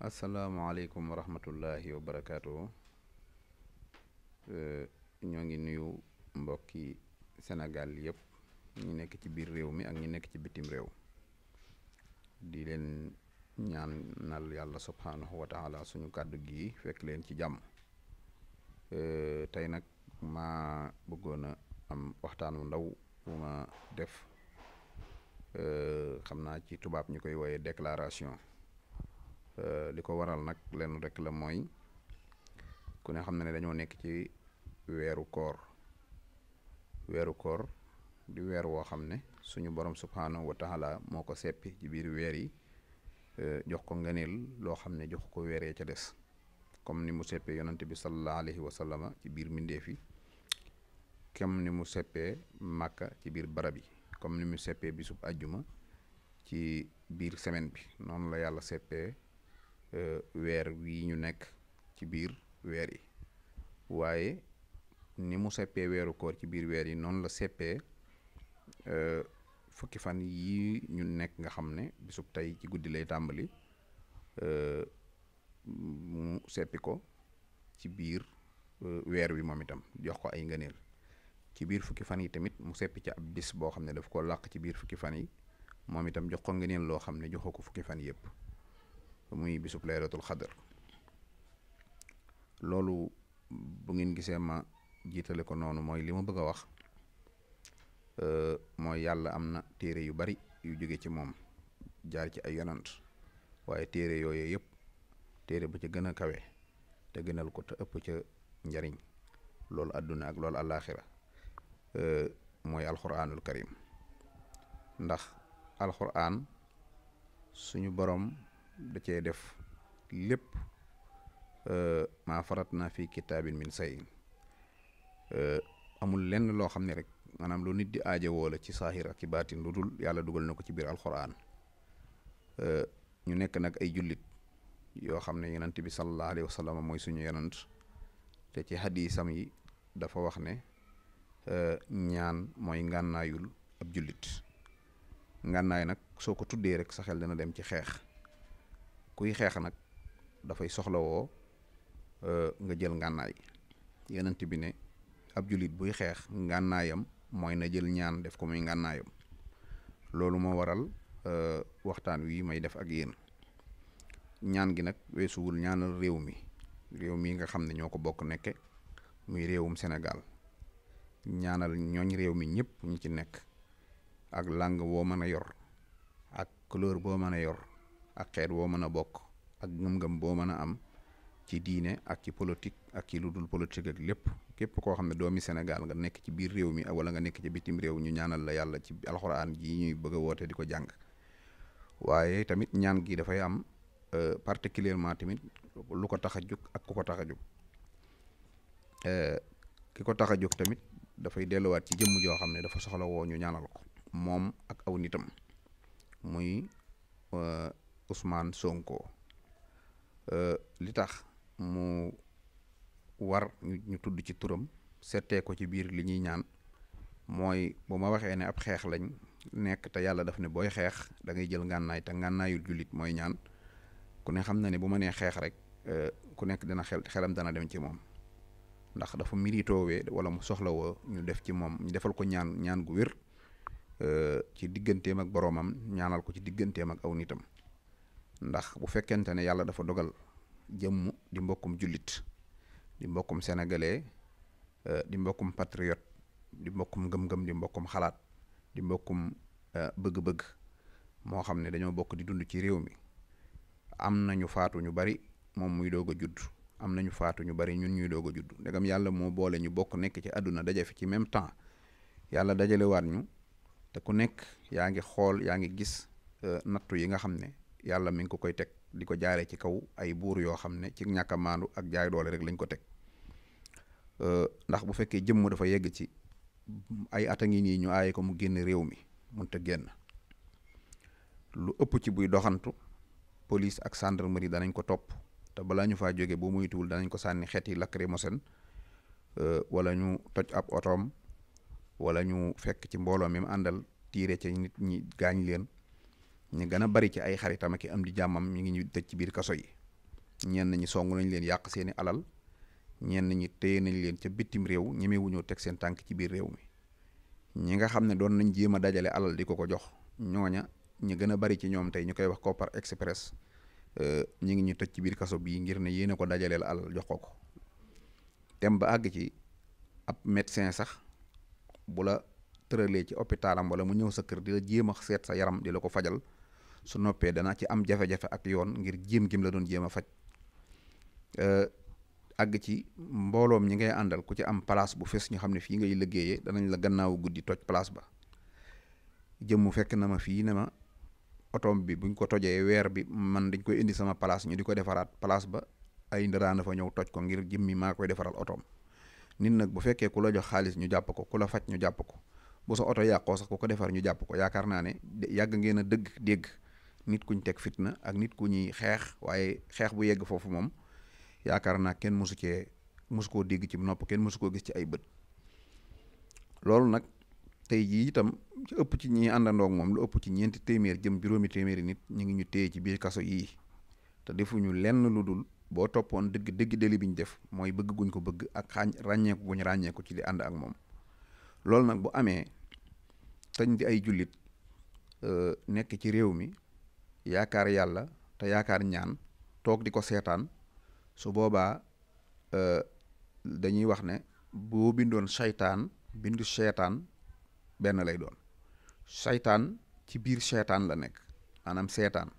asalaamaaleykum wa rahmatullahi wa barakaatu eh, ñoo ngi nuyu mbokki Sénégal yëpp ñu nekk ci biir réew mi ak ñu nekk ci bitim réew di leen ñaanal yàlla subhaanahu wa suñu kàddu gi fekk leen ci jàmm eh, tey nag maa bëggoon a am waxtaan wu ndaw bu ma def eh, xam naa ci tubaab ñu koy wooye déclaration Euh, li ko waral nag lenn rek la mooy ku ne xam na ne dañoo nekk ci weeru koor weeru koor di weer woo xam ne suñu borom subhaanahu wa moo ko seppi ci biir weer yi euh, jox ko ngëneel loo xam ne jox ko weeree ca des comme ni mu seppee yonante bi sallallahu alayhi wa sallama ci biir mbindeef yi comme ni mu seppee màkka ci biir barab yi comme ni mu seppee bisub àjjuma ci biir semaine bi noonu la yàlla seppee Eh, weer wii ñu nekk ci biir weer yi waaye ni mu seppee weeru koor ci biir weer yi noonu la seppee eh, fukki fan yii ñu nekk nga xam ne bisub tey ci guddi lay tàmbali eh, mu seppi ko ci biir weer wi moom itam jox ko ay ngëneel ci biir fukki fan yi tamit mu seppi ca ab bis boo xam ne daf ko làq ci biir fukki fan yi moom itam jox ko ngëneel loo xam ne joxoo ko fukki fan yëpp muy bisub laylatul xadar loolu bu ngeen gisee ma jiitale ko noonu mooy li ma bëgg a wax euh, mooy yàlla am na téere yu bari yu jóge ci moom jaar ci ay yonant waaye téere yooyu yëpp téere bu ci gën a kawe te gënal ko te ëpp ca njariñ loolu àdduna ak loolu àllaaxira euh, mooy alxuraanul karim ndax alxuraan suñu borom. da ce def lépp euh, maa farat naa fi kitaabin min sayin euh, amul lenn loo xam ne rek maanaam lu nit di aajowoo la ci saahir ak ci baatin lu dul yàlla dugal na ko ci biir alxuraan euh, ñu nekk nag ay jullit yoo xam ne yonent bi sallallahu alayhi wa mooy suñu yonent te ci hadisam yi dafa wax ne ñaan mooy ngànnaayul ab jullit ngànnaay nag soo ko tuddee rek sa xel dana dem ci xeex kuy xeex nag dafay soxlawoo euh, nga jël ngànnaay yenent bi ne ab julit buy xeex ngànnaayam mooy na jël ñaan def ko muy ngànnaayam loolu moo waral euh, waxtaan wi may def ak yéen ñaan gi nag weesuwul ñaanal réew mi réew mii nga xam ne ñoo ko bokk nekke muy réewum senegal ñaanal ñooñ réew mi ñëpp ñu ci nekk ak langue boo mën a yor ak couleur boo mën a yor ak xeet woo mën a bokk ak ngëm-ngëm boo mën a am ci diine ak ci politique ak ci lu dul politique ak lépp képp koo xam ne doomi Sénégal nga nekk ci biir réew mi wala nga nekk ci bitim réew ñu ñaanal la yàlla ci alxuraan ji ñuy bëgg a woote di ko jàng waaye tamit ñaan gi dafay am euh, particulièrement tamit lu ko tax a jóg ak ku ko tax a jóg euh, ki ko tax a jóg tamit dafay delluwaat ci jëmm joo xam ne dafa soxla woo ñu ñaanal ko moom ak aw nitam muy euh, usmaan Sonko euh, li tax mu war ñu tudd ci turam settee ko ci biir li ñuy ñaan mooy bu ma waxee ne ab xeex lañ nekk te yàlla daf ne booy xeex da ngay jël ngànnaay te ngànnaayul jullit mooy ñaan ku ne xam na ne bu ma nee xeex rek euh, ku nekk dina xel xelam dana dem ci moom ndax dafa miritoowee wala mu soxla woo ñu def ci moom ñu defal ko ñaan ñaan gu wér euh, ci digganteem ak boroomam ñaanal ko ci digganteem ak aw nitam ndax bu fekkente ne yàlla dafa dogal jëmm di mbokkum jullit di mbokkum sénégalais euh, di mbokkum patriote di mbokkum ngëm-ngëm di mbokkum xalaat di mbokkum euh, bëgg-bëgg moo xam ne dañoo bokk di dund ci réew mi am nañu faatu ñu bari moom muy doog a judd am nañu faatu ñu bari ñun ñuy doog a judd ndegam yàlla moo boole ñu bokk nekk ci àdduna daje fi ci même temps yàlla dajalewaat ñu te ku nekk yaa ngi xool yaa ngi gis euh, nattu yi nga xam ne yàlla mi ngi ko koy teg di ko jaaree ci kaw ay buur yoo xam ne ci ñàkk maandu ak jaay doole rek lañ ko teg euh, ndax bu fekkee jëmm dafa yegg ci ay at a ngi nii ñu aaye ko mu génn réew mi mun a génn lu ëpp ci buy doxantu police ak gendarmerie danañ ko topp te balaa ñu faa jóge boo muytuwul danañ ko sànni xeeti lacrymogène euh, wala ñu toj ab otoom wala ñu fekk ci mbooloo mi mu àndal tiire ca nit ñi gaañ leen ñi gën a bari ci ay xaritam ak am di jàmmam ñu ngi ñu tëj ci biir kaso yi ñenn ñi song nañ leen yàq seeni alal ñenn ñi téye nañ leen ca bitim réew ñemewuñoo teg seen tànk ci biir réew mi ñi nga xam ne doon nañ jéem a dajale alal di ko ko jox ñooña ñu gën a bari ci ñoom tey ñu koy wax Kopar Express euh, ñu ngi ñu tëj ci biir kaso bii ngir ne yéen a ko dajaleel alal jox ko ko dem ba àgg ci ab médecin sax bu la tëralee ci hôpitalam wala mu ñëw sa kër di la jéem a seet sa yaram di la ko fajal su noppee dana ci am jafe-jafe ak yoon ngir jéem gim la doon jéem a faj euh, àgg ci mbooloom ñi ngay àndal ku ci am place bu fes ñu xam ne fii ngay liggéeyee danañ la gannaawu guddi toj place ba jëm jëmmu fekk na ma fii ne ma otoom bi buñ ko tojee weer bi man dañ koy indi sama place ñu di ko defaraat place ba ay ndaraana fa ñëw toj ko ngir jëmmi maa koy defaral otoom nit nag bu fekkee ku la jox xaalis ñu jàpp ko ku la faj ñu jàpp ko bu sa oto yàqoo sax ko defar ñu jàpp ko yaakaar naa ne yàgg ngeen a dëgg dégg nit kuñ teg fitna ak nit ku ñuy xeex waaye xeex bu yegg foofu moom yaakaar naa kenn mosu cee mosu koo dégg ci nopp kenn mosu koo gis ci ay bët loolu nag tey jii itam ci ëpp ci ñi àndandoog moom lu ëpp ci ñeenti téeméer jëm juróomi téeméeri nit ñu ngi ñu téye ci biir kaso yii te defuñu lenn lu dul boo toppoon dëgg dëgg def mooy bëgg ko bëgg ak xaañ ràññeeku ci li ànd ak moom loolu nag bu amee tañ di ay jullit euh, nekk ci réew mi yaakaar yàlla te yaakaar ñaan toog di ko seetaan su boobaa euh, dañuy wax ne boo bindoon saytaan bindu seetaan benn lay doon saytaan ci biir seetaan la nekk maanaam seetaan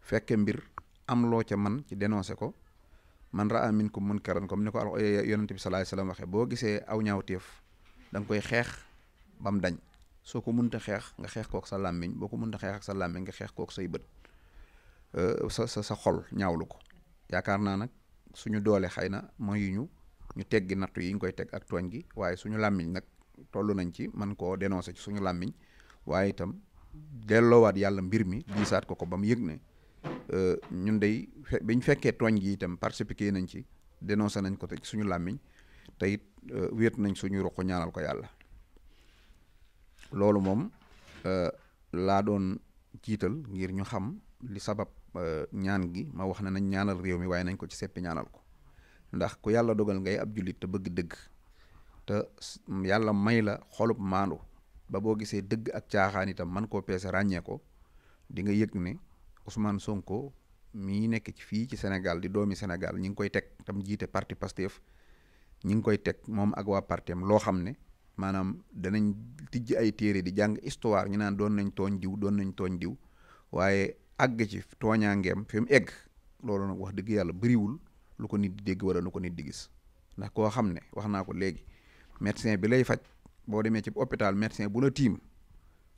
fekke mbir am loo ca man ci dénoncé ko man raa minkum munkaran mun ni ko yonent bi sallallahu alayhi wasallam waxee boo gisee aw ñaawteef da koy xeex bam dañ soo ko munta xeex nga xeex kook sa làmmiñ boo ko mun xeex ak sa làmmiñ nga xeex kook say bët euh, sa sa sa xol ñaawlu ko yaakaar naa nag suñu doole xëy na mayuñu ñu ñu teggi nattu yi ñu koy teg ak tooñ gi waaye suñu làmmiñ nag toll nañ ci man koo dénoncé ci suñu làmmiñ waaye itam delloowaat yàlla mbir mi diisaat ko ko ba mu yëg ne euh, ñun day biñ fekkee tooñ gi itam participer nañ ci dénoncé nañ ko te suñu làmmiñ te it euh, wéet nañ suñu ruq ñaanal ko yàlla loolu moom euh, laa doon jiital ngir ñu xam li sabab euh, ñaan gi ma wax na nañ ñaanal réew mi waaye nañ ko ci seppi ñaanal ko ndax ku yàlla dogal ngay ab jullit te bëgg dëgg te yàlla may la xolub maandu ba boo gisee dëgg ak caaxaan itam man koo peese ràññee ko di nga yëg ne Ousmane Sonko mii nekk ci fii ci Sénégal di doomi Sénégal ñi ngi koy teg tam jiite parti Pastef ñi ngi koy teg moom ak waa parti loo xam ne maanaam danañ tijj ay téere di jàng histoire ñu naan doon nañ tooñ diw doon nañ tooñ diw waaye àgg ci tooñaangeem fi mu egg loolu nag wax dëgg yàlla bëriwul lu ko nit di dégg wala lu ko nit di gis ndax koo xam ne wax naa ko léegi médecin bi lay faj boo demee ci hôpital médecin bu la tiim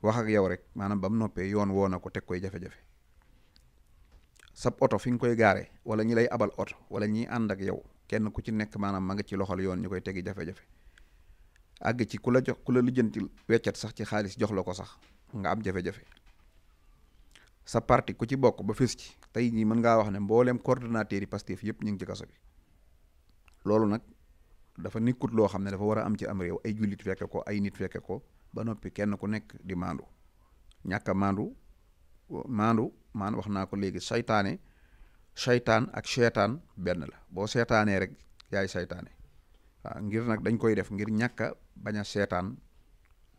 wax ak yow rek maanaam ba mu noppee yoon woo na ko teg koy jafe-jafe sab oto koy gaare wala ñi lay abal oto wala ñiy ànd ak yow kenn ku ci nekk maanaam ma nga ci loxol yoon ñu koy tegi jafe-jafe àgg ci ku la jox ku la lijjanti weccet sax ci xaalis jox la ko sax nga am jafe-jafe sa parti ku ci bokk ba fis ci tey jii mën ngaa wax ne mbooleem coordonnateur yi Pastef yëpp ñu ngi ci kaso bi loolu nag dafa nekkut loo xam ne dafa war a am ci am réew ay jullit fekke ko ay nit fekke ko ba noppi kenn ku nekk di maandu ñàkk a maandu maandu maan wax naa ko léegi saytaane saytaan ak seetaan benn la boo seetaanee rek yaay saytaane ngir nag dañ koy def ngir ñàkk a bañ a seetaan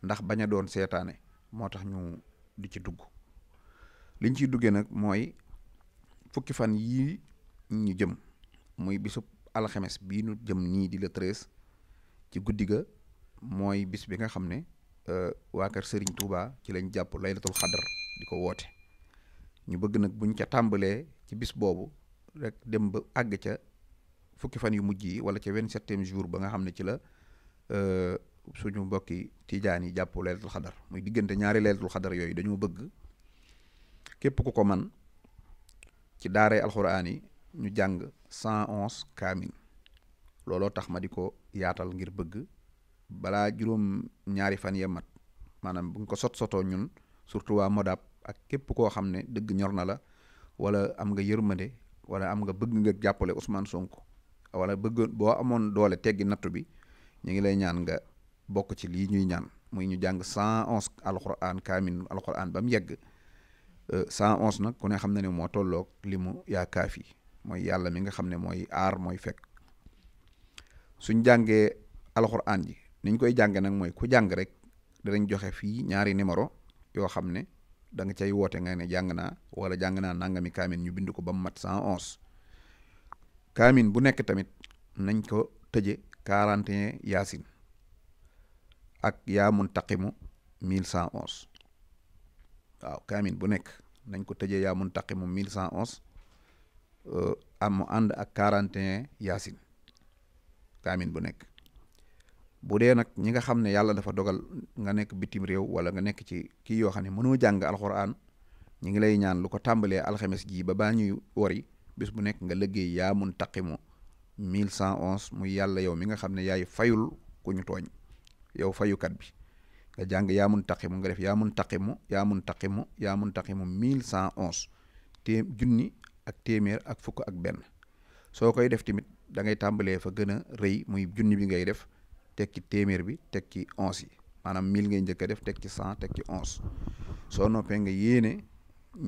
ndax bañ a doon seetaane moo tax ñu di ci dugg liñ ciy duggee nag mooy fukki fan yii ñu jëm muy bisub alxames bii ñu jëm nii di la treize ci guddi ga mooy bis bi nga xam ne euh, waa kër Serigne Touba ci lañ jàpp laylatul xadar di ko woote ñu bëgg nag buñ ca tàmbalee ci bis boobu rek dem ba àgg ca fukki fan yu mujj yi wala ca vingt-septième jour ba nga xam ne ci la euh, suñu mbokki tijaan yi jàpp laylatul xadar muy diggante ñaari laylatul xadar yooyu dañoo bëgg képp ku ko man ci daaray alxuraan yi ñu jàng cent onze kaamin looloo tax ma di ko yaatal ngir bëgg balaa juróom ñaari fan ya mat maanaam bu ñu ko sot sotoo ñun surtout waa Modab ak képp koo xam ne dëgg ñor na la wala am nga yërmande wala am nga bëgg nga jàppale Ousmane Sonko wala bëggoon boo amoon doole teggi nattu bi ñu ngi lay ñaan nga bokk ci lii ñuy ñaan muy ñu jàng cent onze alquran kaamin alquran ba mu yegg euh, cent onze nag ku ne xam na ne moo tolloog li mu yaa kaafi mooy yàlla mi nga xam ne mooy aar mooy fekk suñ jàngee alquran ji niñ koy jàngee nag mooy ku jàng rek danañ joxe fii ñaari numéro yoo xam ne danga nga cay woote nga ne jàng naa wala jàng naa nangami kaamin ñu bind ko ba mu mat cent onze kaamin bu nekk tamit nañ ko tëje quarante yasin ak yaamun muntaqimu mille cent onze waaw kaamin bu nekk nañ ko tëjee yaa muntaqimu mille cent onze euh, am mu ànd ak quarante et kaamin bu nekk bu dee nag ñi nga xam ne yàlla dafa dogal nga nekk bitim réew wala nga nekk ci kii yoo xam ne mënoo jàng alxuraan ñi ngi lay ñaan lu ko tàmbalee alxames ji ba baa ñuy wari bis bu nekk nga liggéey yaamun mun taqimu mille cent once muy yàlla yow mi nga xam ne yaay fayul ku ñu tooñ yow fayukat bi nga jàng yaa mun taqimu nga def yaa mun taqimu yaamun mun taqimu yaa mun taqimu mille cent onze té junni ak téeméer ak fukk ak benn soo koy def tamit da ngay tàmbalee fa gën a rëy muy junni bi ngay def tekki ci téeméer bi teg ci onze yi maanaam mille ngay njëkk a def teg ci cent teg ci onze soo noppee nga yéene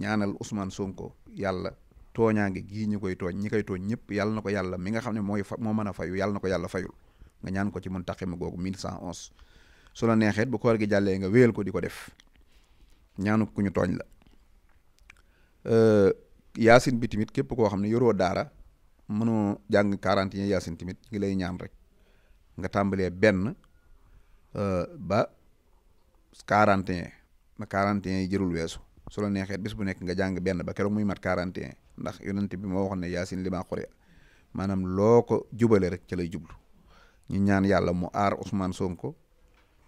ñaanal Ousmane Sonko yàlla tooñaange gii ñu koy tooñ ñi koy tooñ ñëpp yàlla na ko yàlla mi nga xam ne mooy fa moo mën a fayu yàlla ko yàlla fayul nga ñaan ko ci mun taqi mi googu 1111 su la neexee bu koor gi jàllee nga wéyal ko di ko def ñaanu ku ñu la euh, yaasin bi tamit képp koo xam ne yoroo daara mënoo jàng 41 yaasin tamit ngi lay ñaan rek nga tàmbalee benn euh, ba 41 ba 41 yi jërul weesu su neexee bis bu nekk nga jàng benn ba keroog muy mat 41 ndax yonent bi moo waxoon ne yaasin li maa xure maanaam loo ko jubale rek ci lay jublu ñu ñaan yàlla mu aar Ousmane ko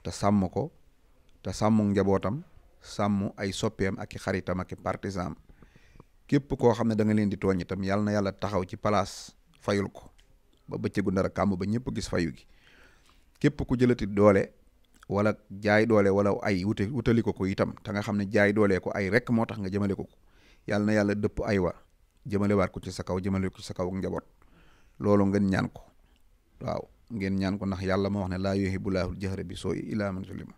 te sàmm ko te sàmmu njabootam sàmm ay soppeem ak i xaritam ak i partisan képp koo xam ne da leen di tooñ itam yàlla na yàlla taxaw ci place fayul ko ba bëccëgu ndara kàmb ba ñëpp gis fayu gi képp ku jëlati doole wala jaay doole wala ay wute wutali ko ko itam te nga xam ne jaay doole ko ay rek moo tax nga jëmale ko ko yàlla na yàlla dëpp ay wa jëmale waat ko ci sa kaw jëmale ko ci sa kaw ak njaboot loolu ngeen ñaan ko waaw ngeen ñaan ko ndax yàlla moo wax ne laa yuhibbu bu al-jahra bi illaa man zulima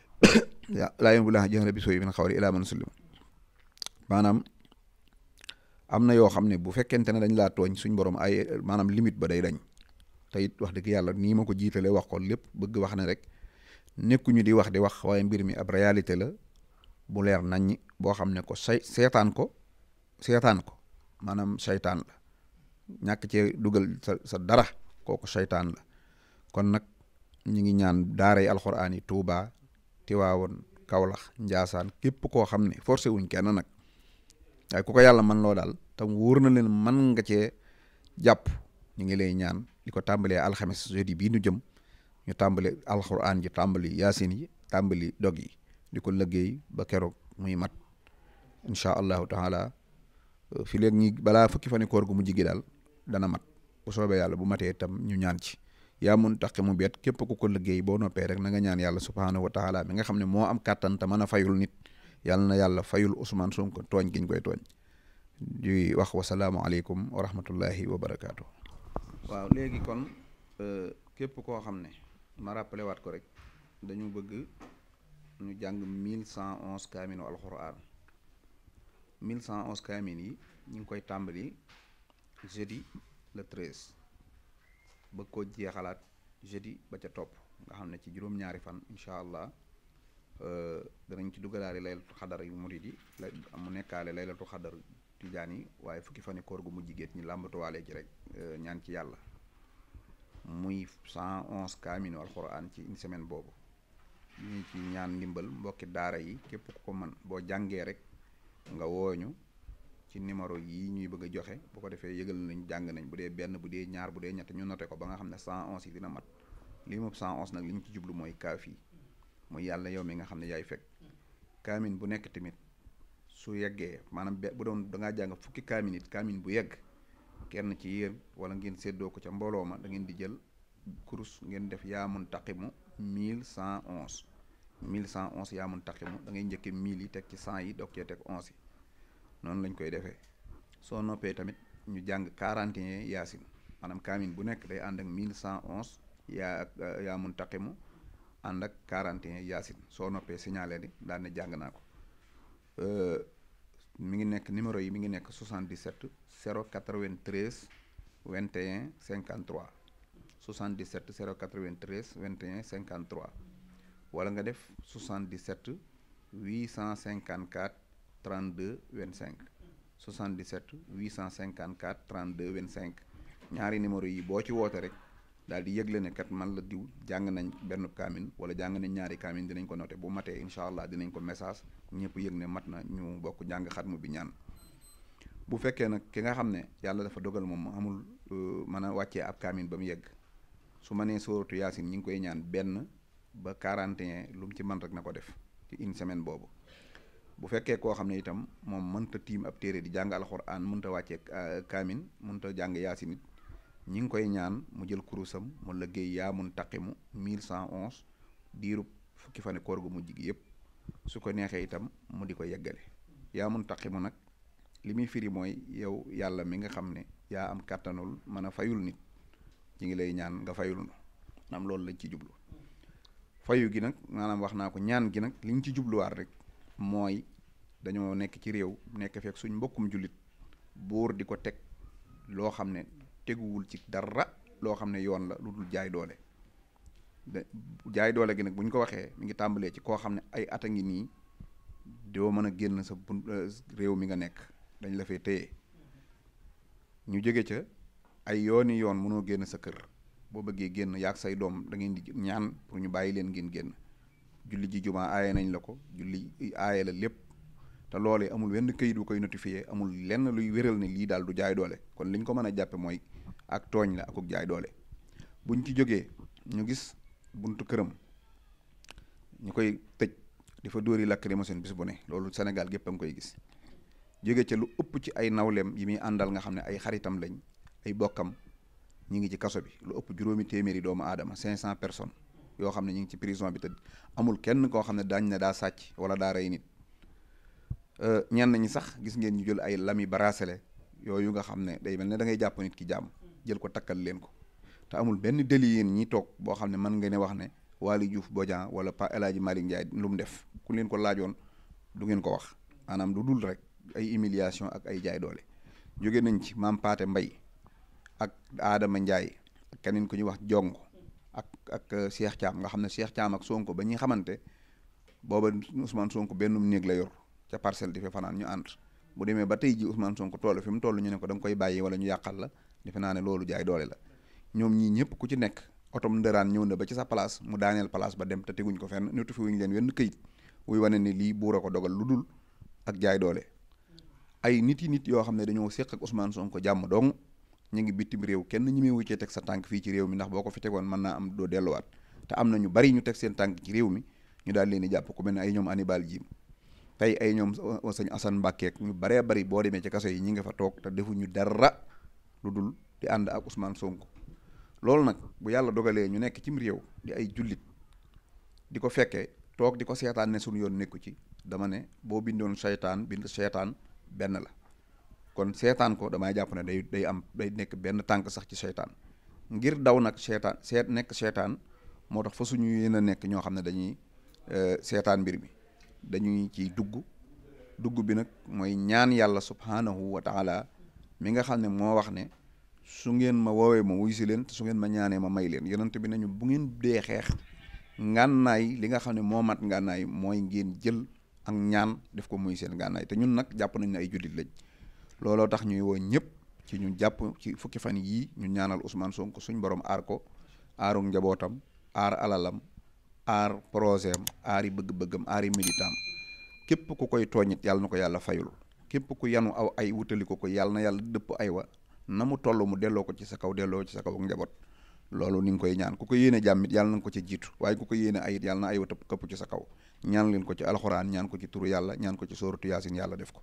laa yuhibbu llaahu al-jahra bi soo'i min qawli illaa man zulima maanaam am na yoo xam ne bu fekkente ne dañ laa tooñ suñ borom ay maanaam limite ba day dañ te it wax dëgg yàlla nii ma ko jiitalee wax ko lépp bëgg wax ne rek nekkuñu di wax di wax waaye mbir mi ab réalité la bu leer naññ boo xam ne ko say seetaan ko seetaan ko maanaam seytaan la ñàkk ce dugal sa sa dara kooku seytaan la kon nag ñu ngi ñaan daaray alxuraan yi Touba Tiwaawoon Kawlax Njaasaan képp koo xam ne forcé wuñ kenn nag waaye ku ko yàlla man loo daal tam wóor na leen man nga cee jàpp ñu ngi lay ñaan di ko tàmbalee alxames jeudi bii ñu jëm ñu tàmbali alxuraan ji tàmbali yaasin yi tàmbali dog yi di ko liggéey ba keroog muy mat incha allahu taala fi léegi ñi balaa fukki fani koor gu mujj gi daal dana mat bu soobee yàlla bu matee itam ñu ñaan ci yaa mun taqi mu bet képp ku ko liggéey boo noppee rek na nga ñaan yàlla subhaanahu wa taala mi nga xam ne moo am kàttan te a fayul nit yàlla na yàlla fayul Ousmane Sonko tooñ giñ koy tooñ di wax wasalaamualeykum wa rahmatullahi wa waaw léegi kon euh, képp koo xam ne ma rappelé waat ko rek dañu bëgg ñu jàng 1111 kaaminu alxuraan mille cent onze kaamil yi ñu ngi koy tàmbali jeudi le treize bëgg koo xalaat jeudi ba ca topp nga xam ne ci juróom-ñaari fan incha allah euh, danañ ci dugalaar laylatu xadar yu murid yi lay mu nekkaale laylatu xadar tijaan yi waaye fukki fani koor gu mujj géet ñi làmbatuwaale ji rek euh, ñaan ci yàlla muy cent onze kaaminu alxuraan ci une semaine boobu ñu ci ñaan ndimbal mbokki daara yi képp ku ko mën boo jàngee rek nga wooñu ci numéro yi ñuy bëgg a joxe boo ko defee yëgal nañ jàng nañ bu dee benn bu dee ñaar bu dee ñett ñu noté ko ba nga xam ne 111 yi dina mat lii moom 111 nag li ñu ci jublu mooy kaaf yi muy yàlla yow mi nga xam ne yaay fekk kaamin bu nekk tamit su yeggee maanaam be bu doon dangaa jàng fukki kaamin it kaamin bu yegg kenn ci yéen wala ngeen séddoo ko ca mbooloo ma da ngeen di jël kurus ngeen def yaa mun cent 1111 mille cent onze yaa mun taqimu da ngay njëkke mille yi teg ci cent yi doog cee teg onze yi noonu lañ koy defee soo noppee tamit ñu jàng quarante et un yaasin maanaam kaamin bu nekk day ànd ak mille cent onze yaa ak yaa mun taqimu ànd ak quarante et un yaasin soo noppee signalé ni daal jàng naa ko mu ngi nekk numéro yi mi ngi nekk 77 093 21 53 77 093 21 53 wala nga def 77 854 32 25 77 854 32 25 ñaari numéro yi boo ci wootee rek daal di yëgle ne man la diw jàng nañ benn kaamin wala jàng nañ ñaari kaamin dinañ ko noté bu matee incha allah dinañ ko message ñëpp yëg ne mat na ñu bokk jàng xatmu bi ñaan bu fekkee nag ki nga xam ne yàlla dafa dogal moom amul euh, mën a wàccee ab kaamin ba mu yegg su ma nee sóoratu yaasin ñi ngi koy ñaan benn ba 41 lu mu ci man rek na ko def ci une semaine boobu bu fekkee koo xam ne itam moom mënta tiim ab téere di jàng alxuraan mënta wàccee euh, kaamin mënta jàng yaasin nit ñi ngi koy ñaan mu jël kurusam mu liggéey yaa mun taqimu 1111 diirub fukki fan koor gu mu gi yëpp su ko neexee itam mu di ko yeggale yaa mun taqimu nag li muy firi mooy yow yàlla mi nga xam ne yaa am kàttanul mën a fayul nit ñi ngi lay ñaan nga fayul nu am loolu lañ ci jublu fayu gi nag maanaam wax naa ko ñaan gi nag li ñu ci jubluwaat rek mooy dañoo nekk ci réew nekk fekk suñ mbokkum jullit buur di ko teg loo xam ne teguwul ci dara loo xam ne yoon la lu dul jaay doole jaay doole gi nag bu ñu ko waxee mi ngi tàmbalee ci koo xam ne ay at a ngi nii doo mën a génn sa bun euh, réew mi nga nekk dañ la fee téye ñu jóge ca ay yooni yoon mënoo génn sa kër boo bëggee génn yaag say doom da di ñaan pour ñu bàyyi leen ngeen génn julli ji jumaa aaye nañ la ko julli aaye la lépp te loole amul wenn këyit bu koy notifié amul lenn luy wéral ne lii daal du jaay doole kon liñ ko mën a jàppe mooy ak tooñ la akuk jaay doole buñ ci jógee ñu gis buntu këram ñu koy tëj di fa dóori lacrymogène bis bu ne loolu senegal gépp a koy gis jóge ca lu ëpp ci ay nawleem yi muy àndal nga xam ne ay xaritam lañ ay bokkam ñi ngi ci kaso bi lu ëpp juróomi téeméeri doomu aadama 500 personnes yoo xam ne ñi ngi ci prison bi te amul kenn koo xam ne daañ ne daa sàcc wala daa rey nit euh, ñenn ñi sax gis ngeen ñu jël ay lami bracelet yooyu nga xam ne day mel ne da ngay jàpp nit ki jàmm jël ko takkal leen ko te amul benn délit yéen ñi toog boo xam ne mën nga ne wax ne Waly Diouf Bodian wala Pa El Hadj Malick Ndiaye mu def ku leen ko laajoon du ngeen ko wax maanaam du dul rek ay humiliation ak ay jaay doole nañ ci maam Paate Mbay ak aadama Ndiaye ak keneen ku ñuy wax jong ak ak euh, Cheikh Thiam nga xam ne Cheikh Thiam ak Sonko ba ñu xamante booba Ousmane Sonko benn néeg la yor ca parcelle di fa fanaan ñu ànd bu demee ba tey ji usmaan Sonko toll fi mu toll ñu ne ko da koy bàyyi wala ñu yàqal la defe naa ne loolu jaay doole la ñoom ñii ñëpp ku ci nekk otom ndëraan ñëw na ba ci sa place mu daaneel place ba dem te teguñ ko fenn nitu fi wuñ leen wenn këyit wuy wane ni lii buura ko dogal lu dul ak jaay doole ay nit yi nit yoo xam ne dañoo séq ak Sonko jàmm dong ñu ngi bitim réew kenn ñemewu cee teg sa tànk fii ci réew mi ndax boo ko fi tegoon mën naa am doo delluwaat te am na ñu bari ñu teg seen tànk ci réew mi ñu daal leen di jàpp ku mel ne ay ñoom Hannibal Djim tey ay ñoom sëñ Assane Mbacké ñu baree bari boo demee ci kaso yi ñi nga fa toog te defuñu dara lu dul di ànd ak Ousmane Sonko loolu nag bu yàlla dogalee ñu nekk cim réew di ay jullit di ko fekkee toog di ko seetaan ne suñu yoon nekku ci dama ne boo bindoon seytaan bind seytaan benn la kon seetaan ko damay jàpp ne day day am day nekk benn tànk sax ci seytaan ngir daw nag seetaan seet nekk seetaan moo tax fa suñu yéen a nekk ñoo xam ne dañuy euh, seetaan mbir mi dañuy ciy dugg dugg bi nag mooy ñaan yàlla subhanahu wa taala mi nga xam ne moo wax ne su ngeen ma woowee ma wuy si leen te su ngeen ma ñaanee ma may leen yonent bi nañu bu ngeen dee xeex ngànnaay li nga xam ne moo mat ngànnaay mooy ngeen jël ak ñaan def ko muy seen ngànnaay te ñun nag jàpp nañ ne ay jullit lañ looloo tax ñuy woo ñëpp ci ñu jàpp ci fukki fan yii ñu ñaanal Ousmane Sonko suñ borom aar ko aaru njabootam aar alalam aar projet am aari bëgg-bëggam aari militant képp ku koy tooñit yàlla na ko yàlla fayul képp ku yanu aw ay wutali ko ko yàlla na yàlla dëpp ay wa na mu tollu mu delloo ko ci sa kaw delloo ci sa kaw ak njaboot loolu ni koy ñaan ku ko yéene jàmm it yàlla na ko ci jiitu waaye ku ko yéene ayit yàlla na ay wa tëpp këpp ci sa kaw ñaan leen ko ci alxuraan ñaan ko ci turu yàlla ñaan ko ci sóoratu yaasin def ko